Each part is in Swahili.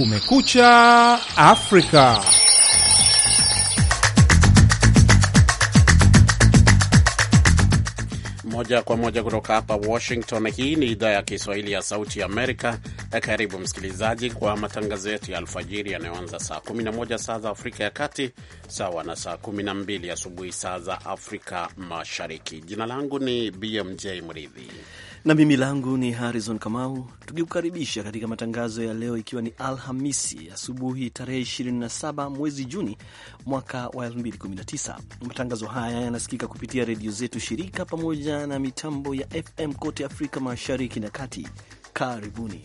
Kumekucha Afrika. Moja kwa moja kutoka hapa Washington. Hii ni idhaa ya Kiswahili ya Sauti ya Amerika. E, karibu msikilizaji kwa matangazo yetu ya alfajiri yanayoanza saa 11 saa za Afrika ya Kati, sawa na saa 12 asubuhi saa za Afrika Mashariki. Jina langu ni BMJ Mridhi na mimi langu ni Harrison Kamau, tukikukaribisha katika matangazo ya leo, ikiwa ni Alhamisi asubuhi tarehe 27 mwezi Juni mwaka wa 2019. Matangazo haya yanasikika kupitia redio zetu shirika pamoja na mitambo ya FM kote Afrika Mashariki na Kati. Karibuni.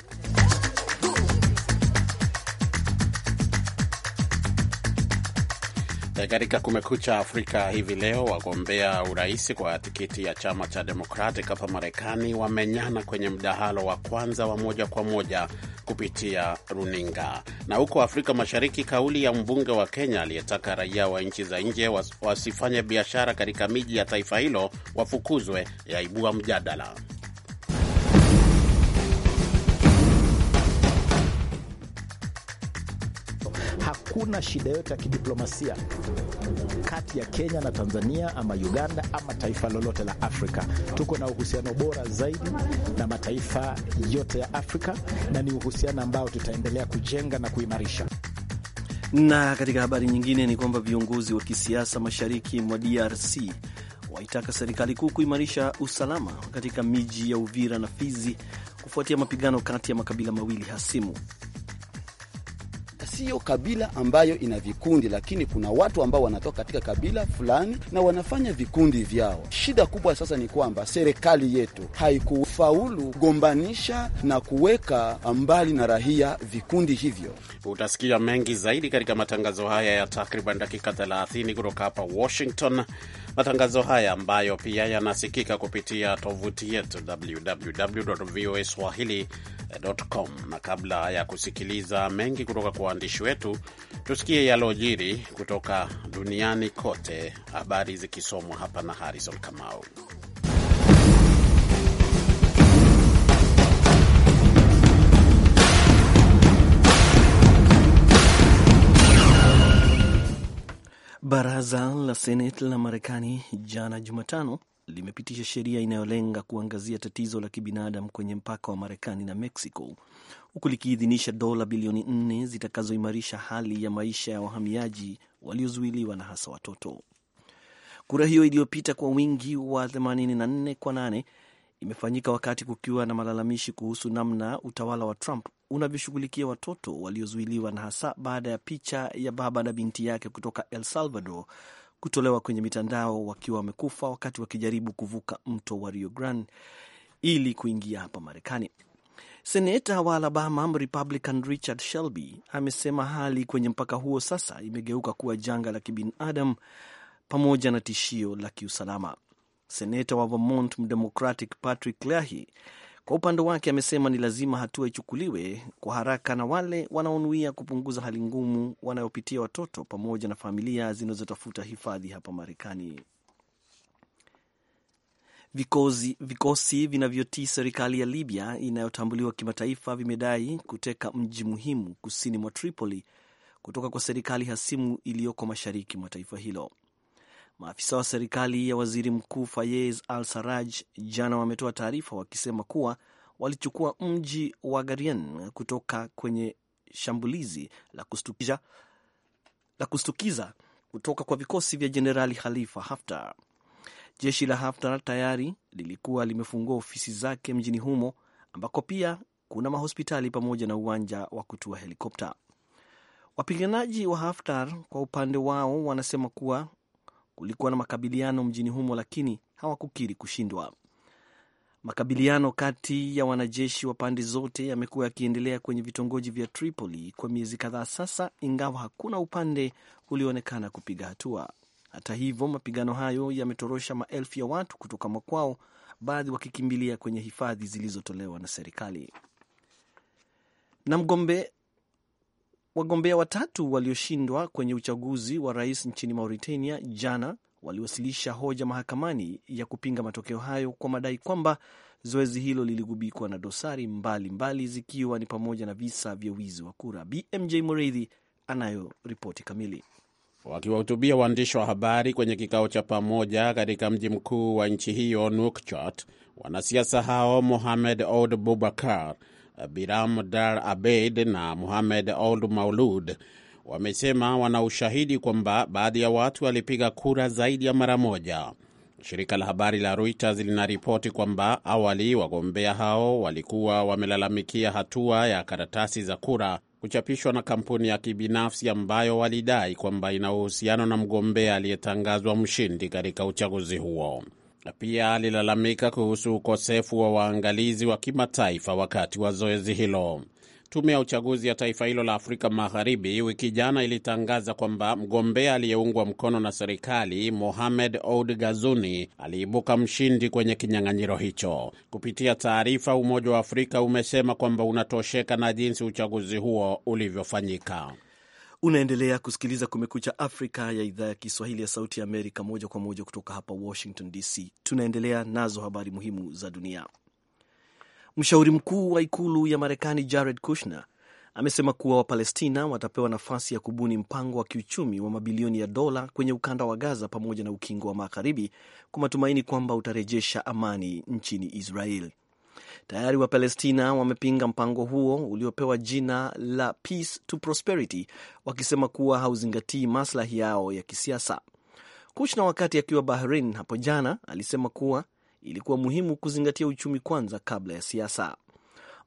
E, katika Kumekucha Afrika hivi leo, wagombea urais kwa tikiti ya chama cha Democratic hapa Marekani wamenyana kwenye mdahalo wa kwanza wa moja kwa moja kupitia runinga. Na huko Afrika Mashariki, kauli ya mbunge wa Kenya aliyetaka raia wa nchi za nje wasifanye biashara katika miji ya taifa hilo wafukuzwe yaibua mjadala. hakuna shida yoyote ya kidiplomasia kati ya Kenya na Tanzania ama Uganda ama taifa lolote la Afrika. Tuko na uhusiano bora zaidi na mataifa yote ya Afrika na ni uhusiano ambao tutaendelea kujenga na kuimarisha. Na katika habari nyingine ni kwamba viongozi wa kisiasa mashariki mwa DRC waitaka serikali kuu kuimarisha usalama katika miji ya Uvira na Fizi kufuatia mapigano kati ya makabila mawili hasimu sio kabila ambayo ina vikundi, lakini kuna watu ambao wanatoka katika kabila fulani na wanafanya vikundi vyao. Shida kubwa sasa ni kwamba serikali yetu haikufaulu kugombanisha na kuweka mbali na rahia vikundi hivyo. Utasikia mengi zaidi katika matangazo haya ya takriban dakika 30 kutoka hapa Washington. Matangazo haya ambayo pia yanasikika kupitia tovuti yetu www.voaswahili.com. Na kabla ya kusikiliza mengi kutoka kwa waandishi wetu, tusikie yalojiri kutoka duniani kote, habari zikisomwa hapa na Harrison Kamau. Baraza la Seneti la Marekani jana Jumatano limepitisha sheria inayolenga kuangazia tatizo la kibinadamu kwenye mpaka wa Marekani na Mexico, huku likiidhinisha dola bilioni nne zitakazoimarisha hali ya maisha ya wahamiaji waliozuiliwa na hasa watoto. Kura hiyo iliyopita kwa wingi wa 84 kwa 8 imefanyika wakati kukiwa na malalamishi kuhusu namna utawala wa Trump unavyoshughulikia watoto waliozuiliwa na hasa baada ya picha ya baba na binti yake kutoka El Salvador kutolewa kwenye mitandao wakiwa wamekufa wakati wakijaribu kuvuka mto wa Rio Grande ili kuingia hapa Marekani. Seneta wa Alabama Republican Richard Shelby amesema hali kwenye mpaka huo sasa imegeuka kuwa janga la kibinadamu pamoja na tishio la kiusalama. Seneta wa Vermont Mdemocratic Patrick Leahy kwa upande wake, amesema ni lazima hatua ichukuliwe kwa haraka na wale wanaonuia kupunguza hali ngumu wanayopitia watoto pamoja na familia zinazotafuta hifadhi hapa Marekani. Vikosi, vikosi vinavyotii serikali ya Libya inayotambuliwa kimataifa vimedai kuteka mji muhimu kusini mwa Tripoli kutoka kwa serikali hasimu iliyoko mashariki mwa taifa hilo. Maafisa wa serikali ya waziri mkuu Fayez Al Saraj jana wametoa taarifa wakisema kuwa walichukua mji wa garien kutoka kwenye shambulizi la kustukiza, la kustukiza kutoka kwa vikosi vya Jenerali Khalifa Haftar. Jeshi la Haftar tayari lilikuwa limefungua ofisi zake mjini humo ambako pia kuna mahospitali pamoja na uwanja wa kutua helikopta. Wapiganaji wa Haftar kwa upande wao wanasema kuwa Kulikuwa na makabiliano mjini humo, lakini hawakukiri kushindwa. Makabiliano kati ya wanajeshi wa pande zote yamekuwa yakiendelea kwenye vitongoji vya Tripoli kwa miezi kadhaa sasa, ingawa hakuna upande ulioonekana kupiga hatua. Hata hivyo, mapigano hayo yametorosha maelfu ya watu kutoka makwao, baadhi wakikimbilia kwenye hifadhi zilizotolewa na serikali. Na mgombe Wagombea watatu walioshindwa kwenye uchaguzi wa rais nchini Mauritania jana waliwasilisha hoja mahakamani ya kupinga matokeo hayo kwa madai kwamba zoezi hilo liligubikwa na dosari mbalimbali mbali, zikiwa ni pamoja na visa vya wizi wa kura. BMJ Mureithi anayo ripoti kamili. Wakiwahutubia waandishi wa habari kwenye kikao cha pamoja katika mji mkuu wa nchi hiyo Nouakchott, wanasiasa hao Mohamed Ould Boubacar Biram Dar Abeid na Muhamed Old Maulud wamesema wana ushahidi kwamba baadhi ya watu walipiga kura zaidi ya mara moja. Shirika la habari la Reuters linaripoti kwamba awali wagombea hao walikuwa wamelalamikia hatua ya karatasi za kura kuchapishwa na kampuni ya kibinafsi ambayo walidai kwamba ina uhusiano na mgombea aliyetangazwa mshindi katika uchaguzi huo na pia alilalamika kuhusu ukosefu wa waangalizi wa kimataifa wakati wa zoezi hilo. Tume ya uchaguzi ya taifa hilo la Afrika Magharibi wiki jana ilitangaza kwamba mgombea aliyeungwa mkono na serikali Mohamed oud gazuni aliibuka mshindi kwenye kinyang'anyiro hicho. Kupitia taarifa, Umoja wa Afrika umesema kwamba unatosheka na jinsi uchaguzi huo ulivyofanyika. Unaendelea kusikiliza Kumekucha Afrika ya idhaa ya Kiswahili ya Sauti ya Amerika, moja kwa moja kutoka hapa Washington DC. Tunaendelea nazo habari muhimu za dunia. Mshauri mkuu wa ikulu ya Marekani Jared Kushner amesema kuwa Wapalestina watapewa nafasi ya kubuni mpango wa kiuchumi wa mabilioni ya dola kwenye ukanda wa Gaza pamoja na ukingo wa Magharibi kwa matumaini kwamba utarejesha amani nchini Israel. Tayari Wapalestina wamepinga mpango huo uliopewa jina la Peace to Prosperity, wakisema kuwa hauzingatii maslahi yao ya kisiasa. Kushna, wakati akiwa Bahrain hapo jana, alisema kuwa ilikuwa muhimu kuzingatia uchumi kwanza kabla ya siasa.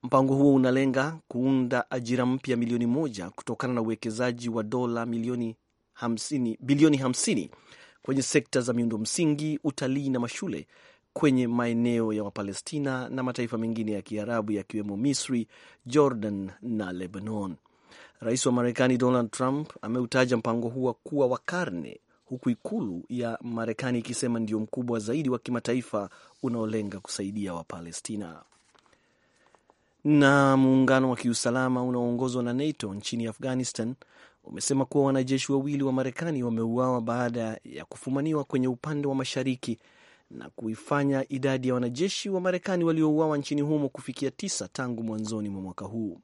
Mpango huo unalenga kuunda ajira mpya milioni moja kutokana na uwekezaji wa dola milioni 50, bilioni 50 kwenye sekta za miundo msingi, utalii na mashule kwenye maeneo ya Wapalestina na mataifa mengine ya Kiarabu yakiwemo Misri, Jordan na Lebanon. Rais wa Marekani Donald Trump ameutaja mpango huo kuwa wa karne, huku ikulu ya Marekani ikisema ndio mkubwa zaidi wa kimataifa unaolenga kusaidia Wapalestina. Na muungano wa kiusalama unaoongozwa na NATO nchini Afghanistan umesema kuwa wanajeshi wawili wa Marekani wameuawa baada ya kufumaniwa kwenye upande wa mashariki na kuifanya idadi ya wanajeshi wa Marekani waliouawa nchini humo kufikia tisa tangu mwanzoni mwa mwaka huu.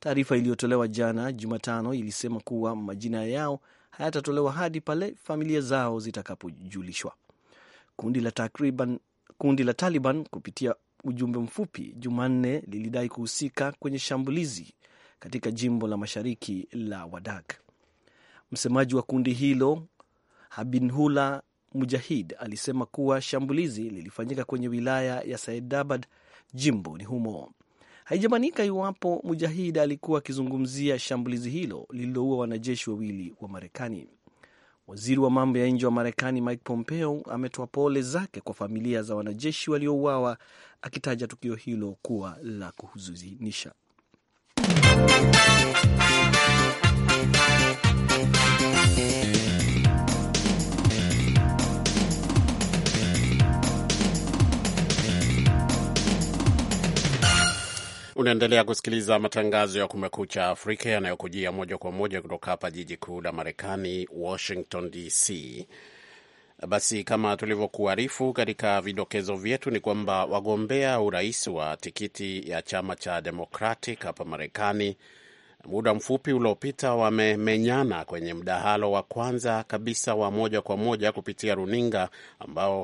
Taarifa iliyotolewa jana Jumatano ilisema kuwa majina yao hayatatolewa hadi pale familia zao zitakapojulishwa. Kundi la takriban kundi la Taliban kupitia ujumbe mfupi Jumanne lilidai kuhusika kwenye shambulizi katika jimbo la mashariki la Wadak. Msemaji wa kundi hilo Habinhula Mujahid alisema kuwa shambulizi lilifanyika kwenye wilaya ya Saidabad ni humo. Haijabainika iwapo Mujahid alikuwa akizungumzia shambulizi hilo lililoua wanajeshi wawili wa Marekani. Waziri wa mambo ya nje wa Marekani Mike Pompeo ametoa pole zake kwa familia za wanajeshi waliouawa, akitaja tukio hilo kuwa la kuhuzunisha. Unaendelea kusikiliza matangazo ya Kumekucha Afrika yanayokujia moja kwa moja kutoka hapa jiji kuu la Marekani, Washington DC. Basi kama tulivyokuarifu katika vidokezo vyetu ni kwamba wagombea urais wa tikiti ya chama cha Democratic hapa Marekani muda mfupi uliopita wamemenyana kwenye mdahalo wa kwanza kabisa wa moja kwa moja kupitia runinga ambao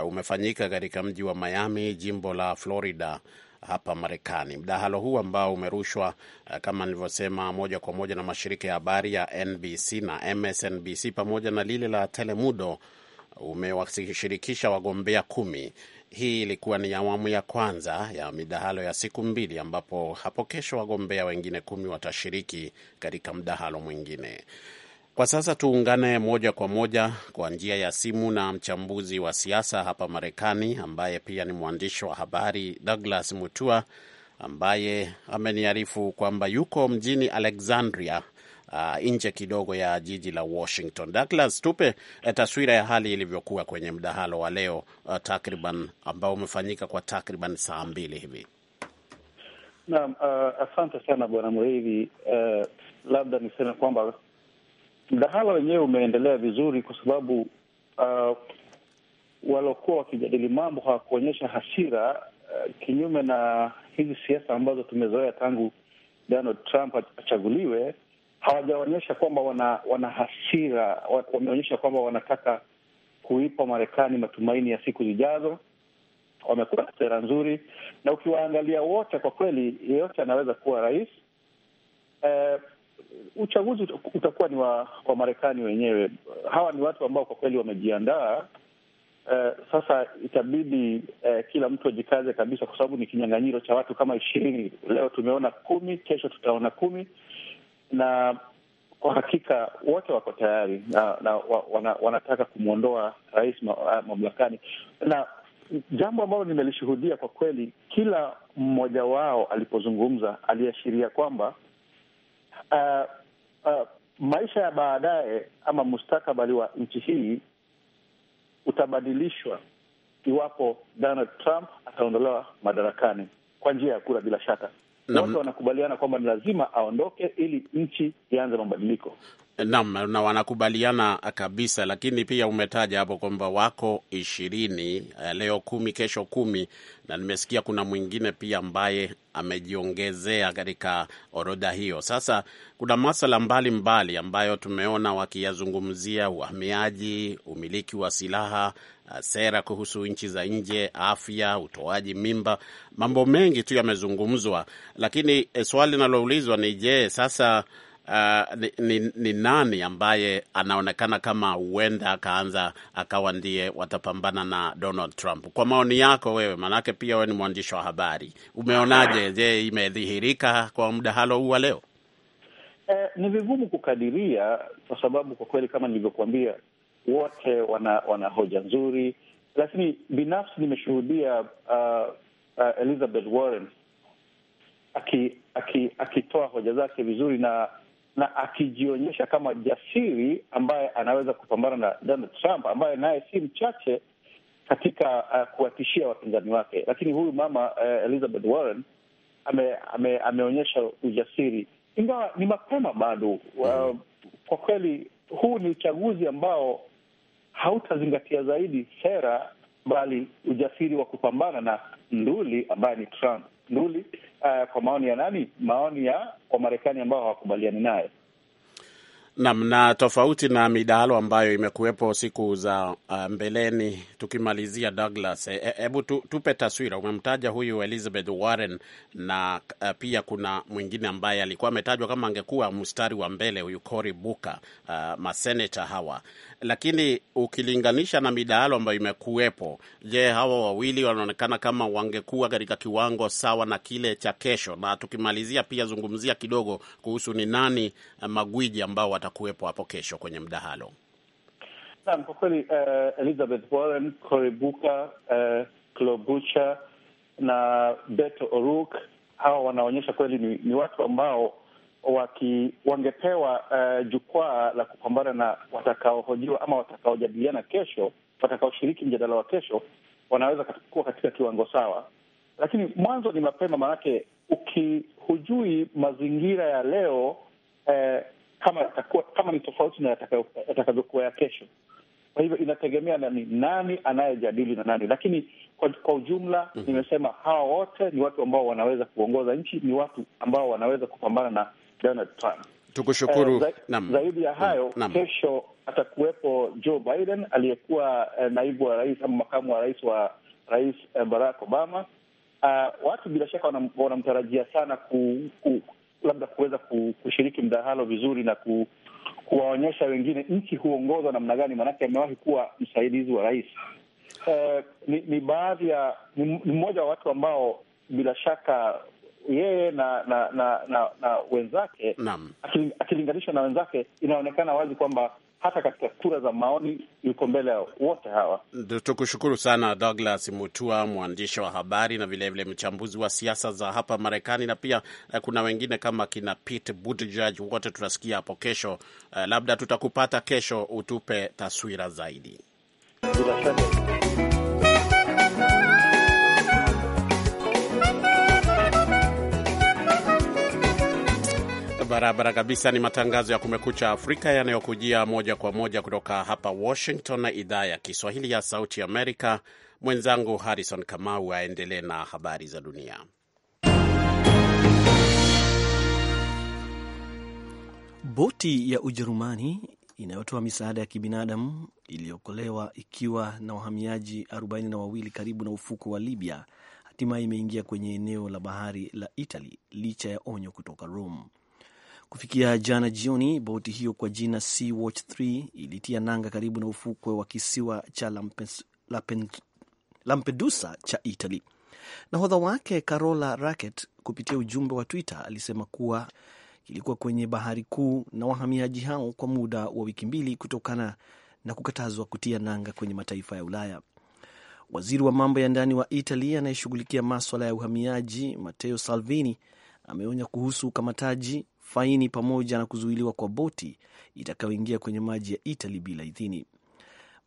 uh, umefanyika katika mji wa Miami, jimbo la Florida hapa Marekani. Mdahalo huu ambao umerushwa eh, kama nilivyosema, moja kwa moja na mashirika ya habari ya NBC na MSNBC pamoja na lile la Telemundo umewashirikisha wagombea kumi. Hii ilikuwa ni awamu ya kwanza ya midahalo ya siku mbili, ambapo hapo kesho wagombea wengine kumi watashiriki katika mdahalo mwingine. Kwa sasa tuungane moja kwa moja kwa njia ya simu na mchambuzi wa siasa hapa Marekani ambaye pia ni mwandishi wa habari Douglas Mutua ambaye ameniarifu kwamba yuko mjini Alexandria, uh, nje kidogo ya jiji la Washington. Douglas, tupe eh, taswira ya hali ilivyokuwa kwenye mdahalo wa leo uh, takriban ambao umefanyika kwa takriban saa mbili hivi. Naam, uh, asante sana bwana Mreithi. Uh, labda niseme kwamba mdahala wenyewe umeendelea vizuri kwa sababu uh, waliokuwa wakijadili mambo hawakuonyesha hasira uh, kinyume na hizi siasa ambazo tumezoea tangu Donald Trump achaguliwe. Hawajaonyesha kwamba wana, wana hasira, wameonyesha kwamba wanataka kuipa Marekani matumaini ya siku zijazo. Wamekuwa na sera nzuri, na ukiwaangalia wote kwa kweli, yeyote anaweza kuwa rais. eh, uchaguzi utakuwa ni wa Wamarekani wenyewe. Hawa ni watu ambao kwa kweli wamejiandaa. Uh, sasa itabidi uh, kila mtu ajikaze kabisa, kwa sababu ni kinyang'anyiro cha watu kama ishirini. Leo tumeona kumi, kesho tutaona kumi, na kwa hakika wote wako tayari na, na wana, wanataka kumwondoa rais eh, mamlakani, na jambo ambalo nimelishuhudia kwa kweli, kila mmoja wao alipozungumza aliashiria kwamba uh, uh, maisha ya baadaye ama mustakabali wa nchi hii utabadilishwa iwapo Donald Trump ataondolewa madarakani kwa njia ya kura, bila shaka wote wanakubaliana kwamba ni lazima aondoke ili nchi ianze mabadiliko. Naam, na wanakubaliana kabisa, lakini pia umetaja hapo kwamba wako ishirini eh, leo kumi kesho kumi na nimesikia kuna mwingine pia ambaye amejiongezea katika orodha hiyo. Sasa kuna masala mbalimbali mbali ambayo tumeona wakiyazungumzia: uhamiaji, umiliki wa silaha Ah, sera kuhusu nchi za nje, afya, utoaji mimba, mambo mengi tu yamezungumzwa, lakini eh, swali linaloulizwa ni je, sasa Uh, ni, ni, ni nani ambaye anaonekana kama huenda akaanza akawa ndiye watapambana na Donald Trump? Kwa maoni yako wewe, maanake pia wewe ni mwandishi wa habari, umeonaje? Je, imedhihirika kwa mdahalo huu wa leo? Eh, ni vigumu kukadiria kwa sababu kwa kweli kama nilivyokuambia wote wana, wana hoja nzuri, lakini binafsi nimeshuhudia uh, uh, Elizabeth Warren akitoa aki, aki hoja zake vizuri na na akijionyesha kama jasiri ambaye anaweza kupambana na Donald Trump ambaye naye si mchache katika uh, kuwatishia wapinzani wake, lakini huyu mama uh, Elizabeth Warren ame, ame, ameonyesha ujasiri, ingawa ni mapema bado. Uh, kwa kweli huu ni uchaguzi ambao hautazingatia zaidi sera bali ujasiri wa kupambana na nduli ambaye ni Trump. Nduli uh, kwa maoni ya nani? Maoni ya Wamarekani ambao hawakubaliani naye. Nam na tofauti na midahalo ambayo imekuwepo siku za uh, mbeleni, tukimalizia Douglas, hebu eh, eh, e, tu, tupe taswira. Umemtaja huyu Elizabeth Warren na a, uh, pia kuna mwingine ambaye alikuwa ametajwa kama angekuwa mstari wa mbele, huyu Cory Booker, uh, maseneta hawa, lakini ukilinganisha na midahalo ambayo imekuwepo, je, hawa wawili wanaonekana kama wangekuwa katika kiwango sawa na kile cha kesho? Na tukimalizia pia zungumzia kidogo kuhusu ni nani magwiji ambao wata atakuwepo hapo kesho kwenye mdahalo. Naam, kwa kweli uh, Elizabeth Warren, Koibuka, uh, eh, Klobucha na Beto O'Rourke hawa wanaonyesha kweli ni, ni watu ambao waki, wangepewa uh, jukwaa la kupambana na watakaohojiwa ama watakaojadiliana kesho, watakaoshiriki mjadala wa kesho, wanaweza kuwa katika kiwango sawa, lakini mwanzo ni mapema, maanake ukihujui mazingira ya leo eh, kama atakuwa, kama ni tofauti na yatakavyokuwa ya kesho. Kwa hivyo inategemea na ni nani anayejadili na nani, lakini kwa, kwa ujumla mm -hmm. Nimesema hawa wote ni watu ambao wanaweza kuongoza nchi, ni watu ambao wanaweza kupambana na Donald Trump. Tukushukuru. Eh, za, zaidi ya hayo Nam. Kesho atakuwepo Joe Biden aliyekuwa eh, naibu wa rais ama makamu wa rais wa rais eh, Barack Obama. Uh, watu bila shaka wanamtarajia sana ku, ku, labda kuweza kushiriki mdahalo vizuri na ku, kuwaonyesha wengine nchi huongozwa namna gani, maanake amewahi kuwa msaidizi wa rais. Uh, ni, ni baadhi ya ni mmoja wa watu ambao bila shaka yeye na na na, na, na wenzake akilinganishwa na wenzake, inaonekana wazi kwamba hata katika kura za maoni yuko mbele ya wote hawa. Tukushukuru sana Douglas Mutua, mwandishi wa habari na vilevile vile mchambuzi wa siasa za hapa Marekani, na pia eh, kuna wengine kama kina Pete Buttigieg, wote tutasikia hapo kesho. Eh, labda tutakupata kesho utupe taswira zaidi bila shaka. Barabara kabisa. Ni matangazo ya Kumekucha Afrika yanayokujia moja kwa moja kutoka hapa Washington na idhaa ya Kiswahili ya Sauti Amerika. Mwenzangu Harrison Kamau aendelee na habari za dunia. Boti ya Ujerumani inayotoa misaada ya kibinadamu iliyokolewa ikiwa na wahamiaji 4 wawili karibu na ufuko wa Libya hatimaye imeingia kwenye eneo la bahari la Italy licha ya onyo kutoka Rome. Kufikia jana jioni, boti hiyo kwa jina Sea Watch 3 ilitia nanga karibu na ufukwe wa kisiwa cha Lampedusa cha Italy. Nahodha wake Carola Racket kupitia ujumbe wa Twitter alisema kuwa kilikuwa kwenye bahari kuu na wahamiaji hao kwa muda wa wiki mbili kutokana na kukatazwa kutia nanga kwenye mataifa ya Ulaya. Waziri wa mambo ya ndani wa italy anayeshughulikia maswala ya uhamiaji Matteo Salvini ameonya kuhusu ukamataji faini pamoja na kuzuiliwa kwa boti itakayoingia kwenye maji ya Itali bila idhini.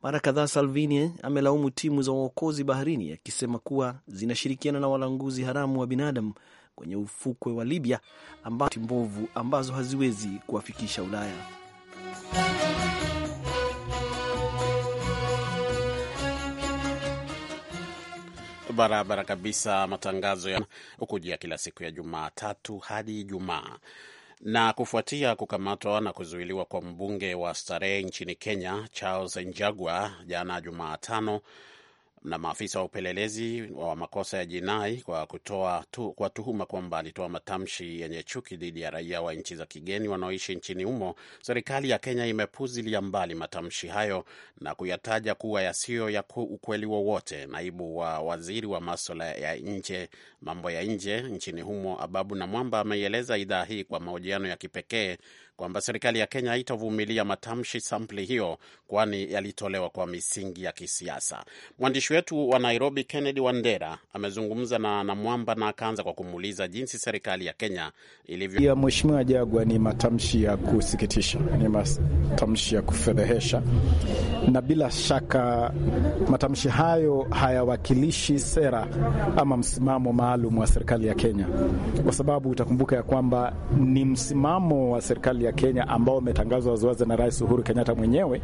Mara kadhaa Salvini amelaumu timu za uokozi baharini akisema kuwa zinashirikiana na walanguzi haramu wa binadamu kwenye ufukwe wa Libya ambati mbovu ambazo haziwezi kuwafikisha Ulaya. Barabara kabisa. Matangazo ya ukujia kila siku ya Jumatatu hadi Ijumaa. Na kufuatia kukamatwa na kuzuiliwa kwa mbunge wa Starehe nchini Kenya Charles njagua jana Jumatano, na maafisa wa upelelezi wa makosa ya jinai kwa kutoa tu, kwa tuhuma kwamba alitoa matamshi yenye chuki dhidi ya raia wa nchi za kigeni wanaoishi nchini humo. Serikali ya Kenya imepuzilia mbali matamshi hayo na kuyataja kuwa yasiyo ya ukweli wowote. Naibu wa waziri wa maswala ya nje, mambo ya nje nchini humo, Ababu Namwamba ameieleza idhaa hii kwa mahojiano ya kipekee kwamba serikali ya Kenya haitavumilia matamshi sampli hiyo, kwani yalitolewa kwa misingi ya kisiasa. Mwandishi wetu wa Nairobi, Kennedy Wandera, amezungumza na Namwamba na akaanza kwa kumuuliza jinsi serikali ya Kenya ilivyo. Ya Mheshimiwa Jagwa ni matamshi ya kusikitisha, ni matamshi ya kufedhehesha, na bila shaka matamshi hayo hayawakilishi sera ama msimamo maalum wa serikali ya Kenya, kwa sababu utakumbuka ya kwamba ni msimamo wa serikali ya ya Kenya ambao umetangazwa waziwazi na Rais Uhuru Kenyatta mwenyewe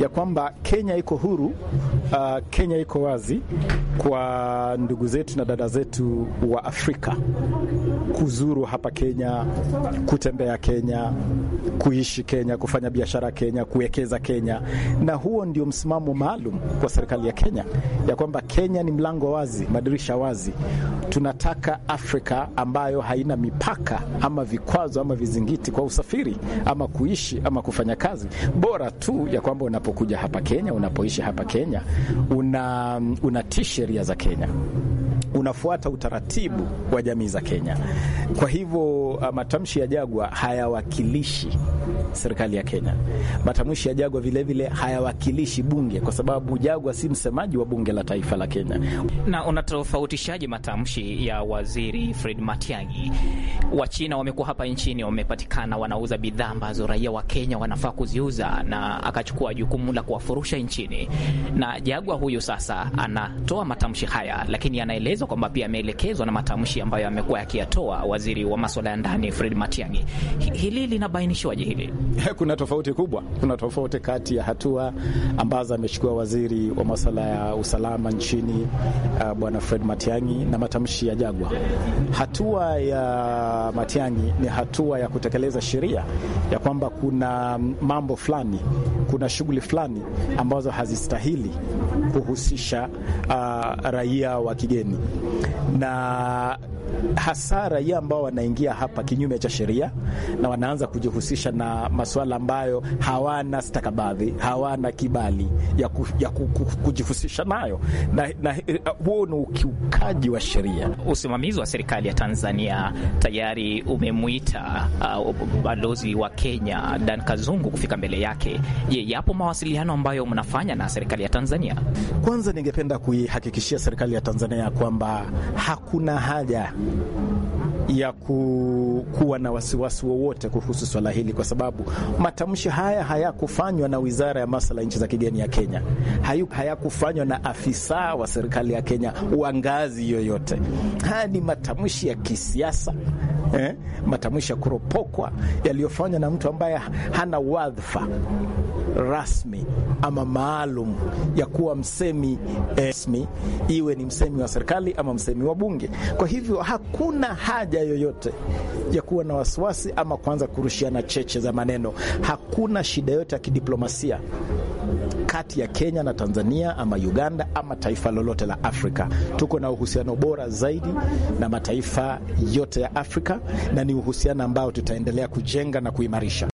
ya kwamba Kenya iko huru, uh, Kenya iko wazi kwa ndugu zetu na dada zetu wa Afrika kuzuru hapa Kenya, kutembea Kenya, kuishi Kenya, kufanya biashara Kenya, kuwekeza Kenya. Na huo ndio msimamo maalum kwa serikali ya Kenya ya kwamba Kenya ni mlango wazi, madirisha wazi. Tunataka Afrika ambayo haina mipaka ama vikwazo ama vizingiti kwa usafiri kusafiri ama kuishi ama kufanya kazi, bora tu ya kwamba unapokuja hapa Kenya, unapoishi hapa Kenya, una um, unatii sheria za Kenya unafuata utaratibu wa jamii za Kenya. Kwa hivyo uh, matamshi ya Jagwa hayawakilishi serikali ya Kenya. Matamshi ya Jagwa vilevile hayawakilishi bunge, kwa sababu Jagwa si msemaji wa bunge la taifa la Kenya. Na unatofautishaje matamshi ya waziri Fred Matiang'i? Wachina wamekuwa hapa nchini, wamepatikana wanauza bidhaa ambazo raia wa Kenya wanafaa kuziuza, na akachukua jukumu la kuwafurusha nchini, na Jagwa huyu sasa anatoa matamshi haya, lakini anaeleza kuelezwa kwamba pia ameelekezwa na matamshi ambayo amekuwa yakiyatoa waziri wa maswala ya ndani Fred Matiang'i. Hili linabainishwaje hili? Kuna tofauti kubwa, kuna tofauti kati ya hatua ambazo amechukua waziri wa maswala ya usalama nchini uh, bwana Fred Matiang'i na matamshi ya Jagwa. Hatua ya Matiang'i ni hatua ya kutekeleza sheria ya kwamba kuna mambo fulani, kuna shughuli fulani ambazo hazistahili kuhusisha uh, raia wa kigeni na hasa raia ambao wanaingia hapa kinyume cha sheria na wanaanza kujihusisha na masuala ambayo hawana stakabadhi, hawana kibali ya, ku, ya ku, ku, kujihusisha nayo, na, na eh, huo ni ukiukaji wa sheria. Usimamizi wa serikali ya Tanzania tayari umemwita uh, balozi wa Kenya Dan Kazungu kufika mbele yake. Je, yapo mawasiliano ambayo mnafanya na serikali ya Tanzania? Kwanza ningependa kuihakikishia serikali ya Tanzania kwamba kwamba hakuna haja ya ku, kuwa na wasiwasi wowote kuhusu swala hili, kwa sababu matamshi haya hayakufanywa na wizara ya masuala ya nchi za kigeni ya Kenya, hayakufanywa na afisa wa serikali ya Kenya wa ngazi yoyote. Haya ni matamshi ya kisiasa eh, matamshi ya kuropokwa yaliyofanywa na mtu ambaye hana wadhifa rasmi ama maalum ya kuwa msemi eh, rasmi, iwe ni msemi wa serikali ama msemi wa bunge. Kwa hivyo hakuna haja yoyote ya kuwa na wasiwasi ama kuanza kurushiana cheche za maneno. Hakuna shida yoyote ya kidiplomasia kati ya Kenya na Tanzania ama Uganda ama taifa lolote la Afrika. Tuko na uhusiano bora zaidi na mataifa yote ya Afrika na ni uhusiano ambao tutaendelea kujenga na kuimarisha.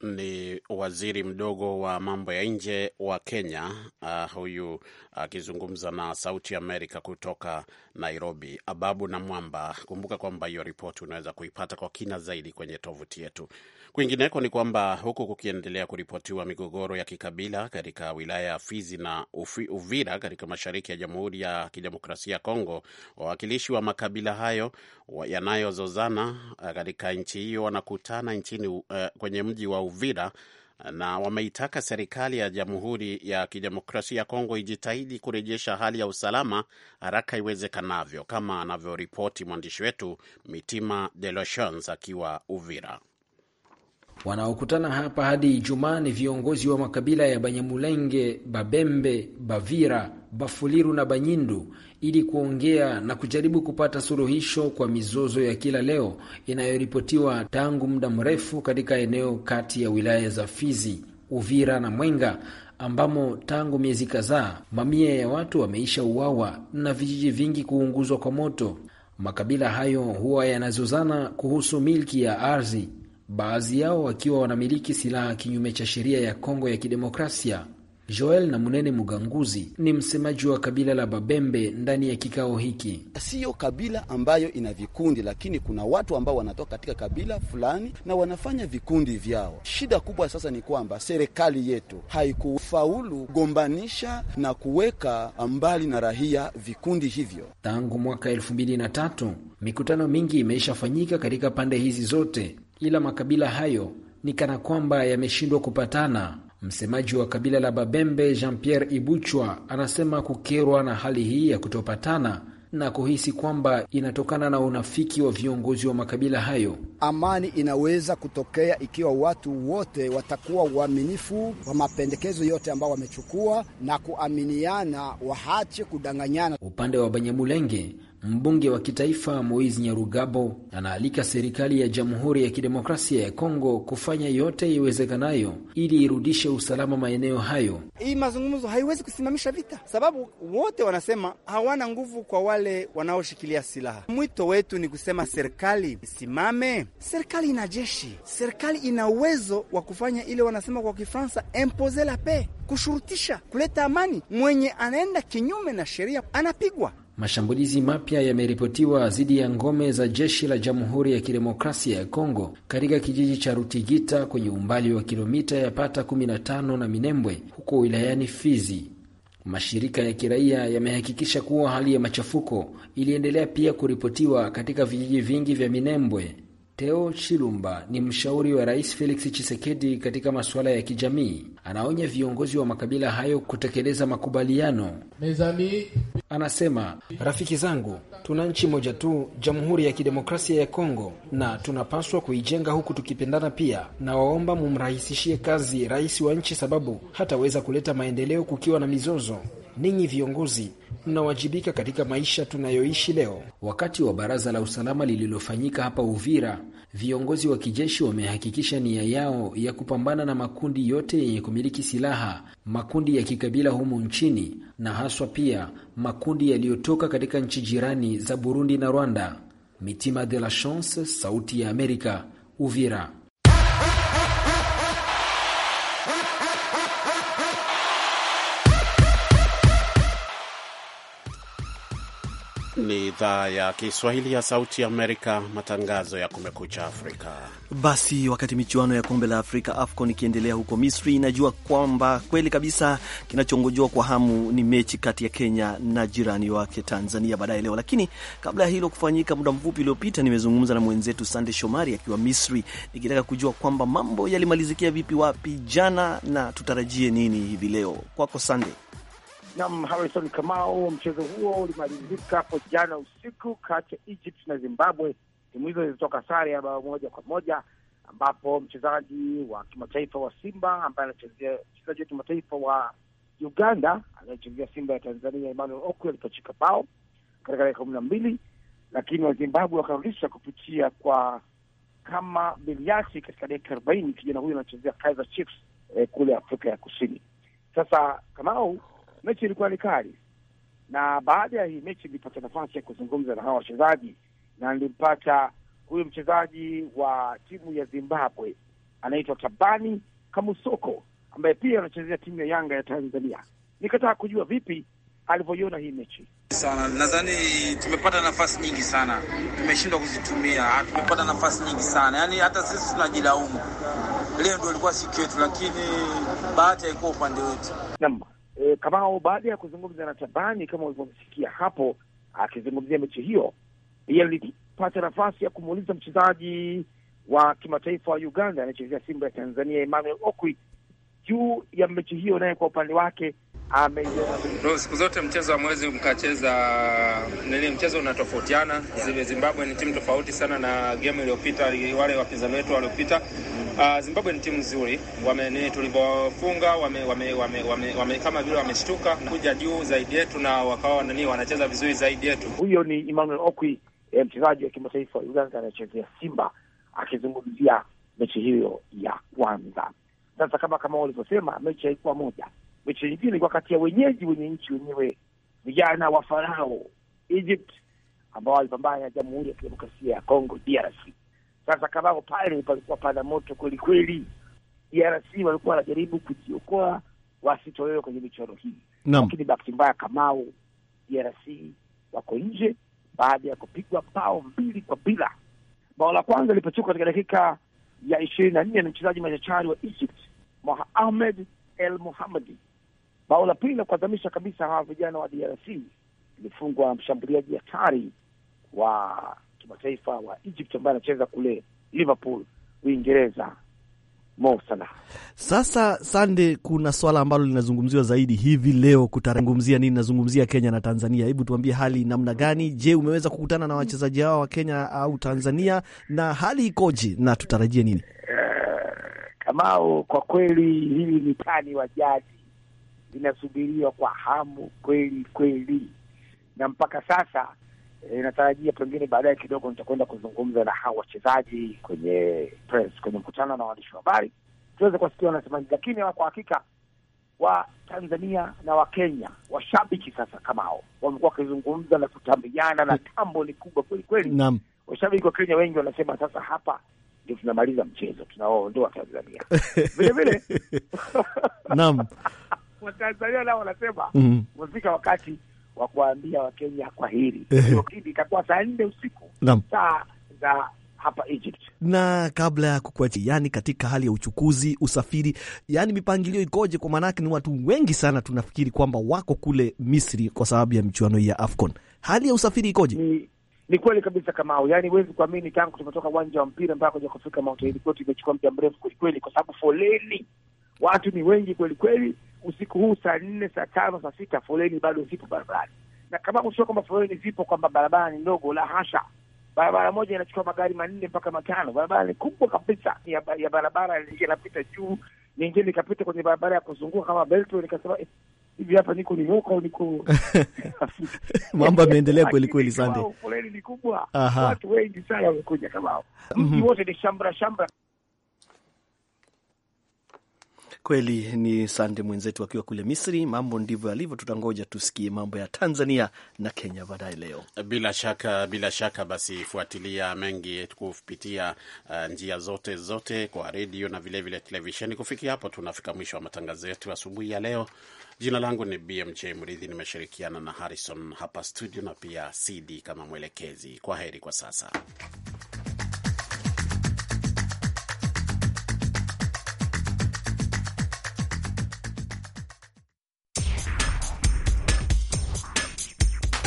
Ni waziri mdogo wa mambo ya nje wa Kenya uh, huyu akizungumza uh, na Sauti Amerika kutoka Nairobi. Ababu na Mwamba, kumbuka kwamba hiyo ripoti unaweza kuipata kwa kina zaidi kwenye tovuti yetu Kwingineko ni kwamba huku kukiendelea kuripotiwa migogoro ya kikabila katika wilaya ya Fizi na Uvira katika mashariki ya Jamhuri ya Kidemokrasia ya Kongo, wawakilishi wa makabila hayo yanayozozana eh, katika nchi hiyo wanakutana nchini uh, kwenye mji wa Uvira eh, na wameitaka serikali ya Jamhuri ya Kidemokrasia ya Kongo ijitahidi kurejesha hali ya usalama haraka iwezekanavyo, kama anavyoripoti mwandishi wetu Mitima De Lochans akiwa Uvira. Wanaokutana hapa hadi Ijumaa ni viongozi wa makabila ya Banyamulenge, Babembe, Bavira, Bafuliru na Banyindu ili kuongea na kujaribu kupata suluhisho kwa mizozo ya kila leo inayoripotiwa tangu muda mrefu katika eneo kati ya wilaya za Fizi, Uvira na Mwenga ambamo tangu miezi kadhaa mamia ya watu wameisha uawa na vijiji vingi kuunguzwa kwa moto. Makabila hayo huwa yanazozana kuhusu milki ya ardhi baadhi yao wakiwa wanamiliki silaha kinyume cha sheria ya Kongo ya Kidemokrasia. Joel na Munene Muganguzi ni msemaji wa kabila la Babembe ndani ya kikao hiki. Siyo kabila ambayo ina vikundi, lakini kuna watu ambao wanatoka katika kabila fulani na wanafanya vikundi vyao. Shida kubwa sasa ni kwamba serikali yetu haikufaulu kugombanisha na kuweka mbali na rahia vikundi hivyo. Tangu mwaka elfu mbili na tatu mikutano mingi imeishafanyika katika pande hizi zote ila makabila hayo ni kana kwamba yameshindwa kupatana. Msemaji wa kabila la Babembe Jean Pierre Ibuchwa anasema kukerwa na hali hii ya kutopatana na kuhisi kwamba inatokana na unafiki wa viongozi wa makabila hayo. Amani inaweza kutokea ikiwa watu wote watakuwa uaminifu wa mapendekezo yote ambayo wamechukua na kuaminiana, waache kudanganyana. Upande wa Banyamulenge, Mbunge wa kitaifa mois Nyarugabo anaalika serikali ya Jamhuri ya Kidemokrasia ya Kongo kufanya yote iwezekanayo ili irudishe usalama maeneo hayo. Hii mazungumzo haiwezi kusimamisha vita, sababu wote wanasema hawana nguvu kwa wale wanaoshikilia silaha. Mwito wetu ni kusema serikali isimame. Serikali ina jeshi, serikali ina uwezo wa kufanya ile wanasema kwa Kifransa impose la paix, kushurutisha kuleta amani. Mwenye anaenda kinyume na sheria anapigwa. Mashambulizi mapya yameripotiwa dhidi ya ngome za jeshi la Jamhuri ya Kidemokrasia ya Kongo katika kijiji cha Rutigita kwenye umbali wa kilomita ya pata 15 na Minembwe huko wilayani Fizi. Mashirika ya kiraia yamehakikisha kuwa hali ya machafuko iliendelea pia kuripotiwa katika vijiji vingi vya Minembwe Teo Chilumba ni mshauri wa Rais Felix Chisekedi katika masuala ya kijamii. Anaonya viongozi wa makabila hayo kutekeleza makubaliano. Mezami. Anasema, rafiki zangu, tuna nchi moja tu, Jamhuri ya Kidemokrasia ya Kongo, na tunapaswa kuijenga huku tukipendana. Pia nawaomba mumrahisishie kazi rais wa nchi, sababu hataweza kuleta maendeleo kukiwa na mizozo ninyi viongozi mnawajibika katika maisha tunayoishi leo. Wakati wa baraza la usalama lililofanyika hapa Uvira, viongozi wa kijeshi wamehakikisha nia yao ya kupambana na makundi yote yenye kumiliki silaha, makundi ya kikabila humu nchini, na haswa pia makundi yaliyotoka katika nchi jirani za Burundi na Rwanda. Mitima de la Chance, Sauti ya Amerika, Uvira. ni idhaa ya Kiswahili ya Sauti Amerika, matangazo ya Kumekucha Afrika. Basi wakati michuano ya kombe la Afrika AFCON ikiendelea huko Misri, inajua kwamba kweli kabisa kinachongojwa kwa hamu ni mechi kati ya Kenya na jirani wake Tanzania baadaye leo. Lakini kabla ya hilo kufanyika, muda mfupi uliopita, nimezungumza na mwenzetu Sande Shomari akiwa Misri, nikitaka kujua kwamba mambo yalimalizikia vipi wapi jana na tutarajie nini hivi leo. Kwako Sande. Nam Harrison Kamau, mchezo huo ulimalizika hapo jana usiku kati ya Egypt na Zimbabwe. Timu hizo zilitoka sare ya bao moja kwa moja, ambapo mchezaji wa kimataifa wa Simba ambaye anachezea mchezaji wa kimataifa wa Uganda anayechezea Simba ya Tanzania Emmanuel Okwi alipachika bao katika dakika kumi na mbili, lakini Wazimbabwe wakarudisha kupitia kwa kama Biliasi katika dakika arobaini. Kijana huyo anachezea Kaizer Chiefs eh, kule Afrika ya Kusini. Sasa Kamau mechi ilikuwa ni kali, na baada ya hii mechi nilipata nafasi ya kuzungumza na hawa wachezaji, na nilimpata huyu mchezaji wa timu ya Zimbabwe anaitwa Tabani Kamusoko ambaye pia anachezea timu ya Yanga ya Tanzania. Nikataka kujua vipi alivyoiona hii mechi sana. Nadhani tumepata nafasi nyingi sana, tumeshindwa kuzitumia. Tumepata nafasi nyingi sana, yaani hata sisi tunajilaumu. Leo ndio ilikuwa siku yetu, lakini bahati haikuwa upande wetu. Naam e, Kamao baada ya kuzungumza na Tabani kama ulivyomsikia hapo akizungumzia mechi hiyo, pia nilipata nafasi ya kumuuliza mchezaji wa kimataifa wa Uganda anayechezea Simba ya Tanzania Emmanuel Okwi juu ya mechi hiyo, naye kwa upande wake siku zote mchezo wa mwezi mkacheza nini, mchezo unatofautiana. Zimbabwe ni timu tofauti sana na game iliyopita, wale wapinzani wetu waliopita Uh, Zimbabwe ni timu nzuri, tulivyofunga wame, wame, wame, wame, wame kama vile wameshtuka kuja juu zaidi yetu na wakawa nani wanacheza vizuri zaidi yetu. Huyo ni Emmanuel Okwi, eh, mchezaji wa kimataifa wa Uganda anayechezea Simba akizungumzia mechi hiyo ya kwanza. Sasa kama kama walivyosema, mechi haikuwa moja. Mechi nyingine ilikuwa kati ya wenyeji wenye nchi wenyewe vijana wa Farao Egypt ambao walipambana na Jamhuri ya Kidemokrasia ya Kongo DRC. Sasa Kabao pale palikuwa pana moto kwelikweli. DRC walikuwa wanajaribu kujiokoa wasitolewe kwenye michoro hii, lakini bahati mbaya Kamao DRC wako nje baada ya kupigwa bao mbili kwa bila. Bao la kwanza lilipochukwa katika dakika ya ishirini na nne na mchezaji machachari wa Egypt Ahmed El muhamadi Bao la pili la kuadhamisha kabisa hawa vijana wa DRC ilifungwa mshambuliaji hatari wa kimataifa wa Egypt ambaye anacheza kule Liverpool, Uingereza, Sasa Sande, kuna swala ambalo linazungumziwa zaidi hivi leo kutazungumzia nini? Nazungumzia Kenya na Tanzania. Hebu tuambie hali namna gani? Je, umeweza kukutana na wachezaji hao wa Kenya au Tanzania na hali ikoje na tutarajie nini? Eh, Kamao, kwa kweli hili ni tani wa jadi linasubiriwa kwa hamu kweli kweli, na mpaka sasa Eh, inatarajia pengine baadaye kidogo nitakwenda kuzungumza na hao wachezaji kwenye press, kwenye mkutano na waandishi wa habari tuweze kuwasikia wanasemaji, lakini kwa hakika wa Tanzania na Wakenya washabiki sasa kama hao wamekuwa wakizungumza na kutambiana na tambo ni kubwa kweli kweli. Naam, washabiki wa Kenya wengi wanasema sasa hapa ndio tunamaliza mchezo, tunawaondoa Tanzania vile vile. Naam, Watanzania nao wanasema mm-hmm. umefika wakati wa kuwaambia Wakenya kwa hili itakuwa saa nne usiku saa za hapa Egypt. Na kabla ya kukuacha, yani katika hali ya uchukuzi, usafiri, yani mipangilio ikoje? Kwa maanake ni watu wengi sana tunafikiri kwamba wako kule Misri kwa sababu ya michuano hii ya AFCON. Hali ya usafiri ikoje? Ni, ni kweli kabisa Kamau, yani huwezi kuamini, tangu tumetoka uwanja wa mpira mpaka kuja kufika mahoteli kwetu imechukua muda mrefu kwelikweli, kwa sababu foleni, watu ni wengi kwelikweli usiku huu saa nne, saa tano, saa sita, foleni bado zipo barabarani, na kama kusio kwamba foleni zipo kwamba barabara ni ndogo, la hasha. Barabara moja inachukua magari manne mpaka matano. Barabara ni kubwa kabisa ya, ya barabara inapita juu, nyingine ikapita kwenye barabara ya kuzunguka kama beltway, nikasema eh, hivi hapa niko nioka niko mambo ameendelea kweli kweli. Sande, foleni ni kubwa, watu wengi sana wamekuja kama hao, mhm. mji wote ni shambra shambra Kweli ni Sande mwenzetu akiwa kule Misri. Mambo ndivyo yalivyo, tutangoja tusikie mambo ya Tanzania na Kenya baadaye leo. Bila shaka, bila shaka. Basi fuatilia mengi kupitia uh, njia zote zote kwa redio na vilevile televisheni. Kufikia hapo, tunafika mwisho wa matangazo yetu asubuhi ya leo. Jina langu ni BMJ Mridhi, nimeshirikiana na Harrison hapa studio na pia CD kama mwelekezi. Kwa heri kwa sasa.